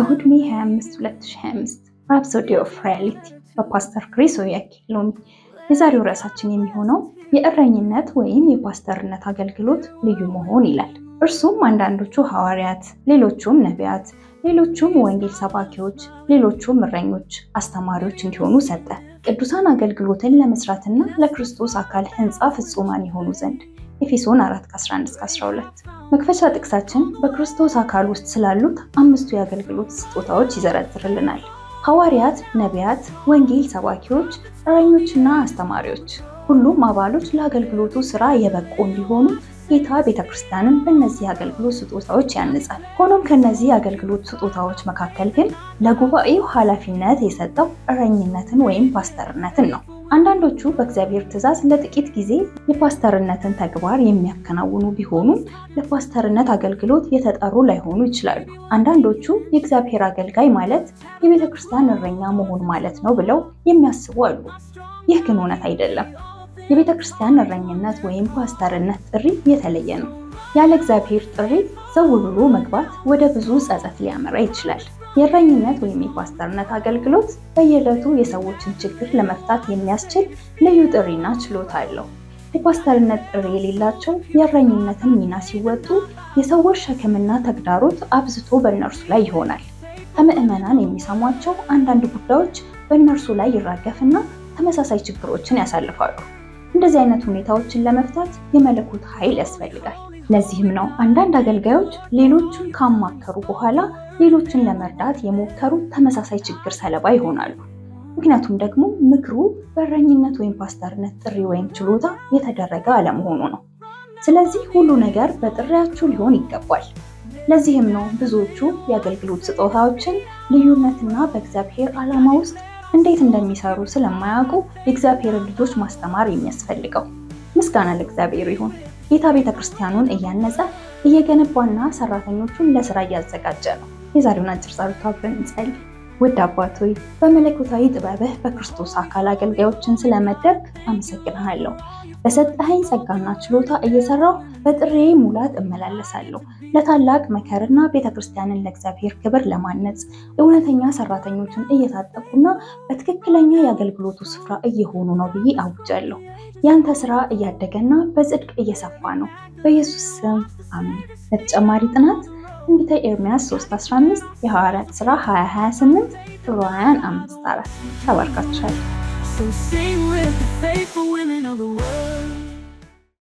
እሁድ ሜ 25 2025 ራፕሶዲ ኦፍ ሪያሊቲ በፓስተር ክሪስ ኦያኪሎሚ። የዛሬው ርዕሳችን የሚሆነው የእረኝነት ወይም የፓስተርነት አገልግሎት ልዩ መሆን ይላል። እርሱም አንዳንዶቹ ሐዋርያት፣ ሌሎቹም ነቢያት፣ ሌሎቹም ወንጌል ሰባኪዎች፣ ሌሎቹም እረኞች፣ አስተማሪዎች እንዲሆኑ ሰጠ፣ ቅዱሳን አገልግሎትን ለመስራትና ለክርስቶስ አካል ህንፃ ፍጹማን የሆኑ ዘንድ ኤፌሶን 4:11-12 መክፈቻ ጥቅሳችን በክርስቶስ አካል ውስጥ ስላሉት አምስቱ የአገልግሎት ስጦታዎች ይዘረዝርልናል። ሐዋርያት፣ ነቢያት፣ ወንጌል ሰባኪዎች፣ እረኞችና አስተማሪዎች ሁሉም አባሎች ለአገልግሎቱ ስራ የበቁ እንዲሆኑ ጌታ ቤተ ክርስቲያንን በእነዚህ አገልግሎት ስጦታዎች ያንጻል። ሆኖም ከእነዚህ አገልግሎት ስጦታዎች መካከል ግን ለጉባኤው ኃላፊነት የሰጠው እረኝነትን ወይም ፓስተርነትን ነው። አንዳንዶቹ በእግዚአብሔር ትእዛዝ ለጥቂት ጊዜ የፓስተርነትን ተግባር የሚያከናውኑ ቢሆኑም ለፓስተርነት አገልግሎት የተጠሩ ላይሆኑ ይችላሉ። አንዳንዶቹ የእግዚአብሔር አገልጋይ ማለት የቤተ ክርስቲያን እረኛ መሆን ማለት ነው ብለው የሚያስቡ አሉ። ይህ ግን እውነት አይደለም። የቤተ ክርስቲያን እረኝነት ወይም ፓስተርነት ጥሪ የተለየ ነው። ያለ እግዚአብሔር ጥሪ ዘው ብሎ መግባት ወደ ብዙ ጸጸት ሊያመራ ይችላል። የእረኝነት ወይም የፓስተርነት አገልግሎት በየዕለቱ የሰዎችን ችግር ለመፍታት የሚያስችል ልዩ ጥሪና ችሎታ አለው። የፓስተርነት ጥሪ የሌላቸው የእረኝነትን ሚና ሲወጡ የሰዎች ሸክምና ተግዳሮት አብዝቶ በእነርሱ ላይ ይሆናል። ከምዕመናን የሚሰሟቸው አንዳንድ ጉዳዮች በእነርሱ ላይ ይራገፍና ተመሳሳይ ችግሮችን ያሳልፋሉ። እንደዚህ አይነት ሁኔታዎችን ለመፍታት የመለኮት ኃይል ያስፈልጋል። ለዚህም ነው አንዳንድ አገልጋዮች ሌሎችን ካማከሩ በኋላ ሌሎችን ለመርዳት የሞከሩ ተመሳሳይ ችግር ሰለባ ይሆናሉ። ምክንያቱም ደግሞ ምክሩ በረኝነት ወይም ፓስተርነት ጥሪ ወይም ችሎታ የተደረገ አለመሆኑ ነው። ስለዚህ ሁሉ ነገር በጥሪያችሁ ሊሆን ይገባል። ለዚህም ነው ብዙዎቹ የአገልግሎት ስጦታዎችን ልዩነትና በእግዚአብሔር ዓላማ ውስጥ እንዴት እንደሚሰሩ ስለማያውቁ የእግዚአብሔርን ልጆች ማስተማር የሚያስፈልገው። ምስጋና ለእግዚአብሔር ይሁን። ጌታ ቤተ ክርስቲያኑን እያነጸ እየገነባና ሰራተኞቹን ለስራ እያዘጋጀ ነው። የዛሬውን አጭር ጸሎት አብረን እንጸልይ። ውድ አባት ሆይ በመለኮታዊ ጥበብህ በክርስቶስ አካል አገልጋዮችን ስለመደብ አመሰግንሃለሁ። በሰጠኸኝ ጸጋና ችሎታ እየሰራሁ በጥሬ ሙላት እመላለሳለሁ። ለታላቅ መከርና ቤተ ክርስቲያንን ለእግዚአብሔር ክብር ለማነጽ እውነተኛ ሰራተኞችን እየታጠቁና በትክክለኛ የአገልግሎቱ ስፍራ እየሆኑ ነው ብዬ አውጃለሁ። ያንተ ስራ እያደገና በጽድቅ እየሰፋ ነው። በኢየሱስ ስም አሜን። ለተጨማሪ ጥናት ትንቢተ ኤርምያስ 3:15 የሐዋርያት ሥራ 20:28 ዕብራውያን 5:4 ተባርካችኋል።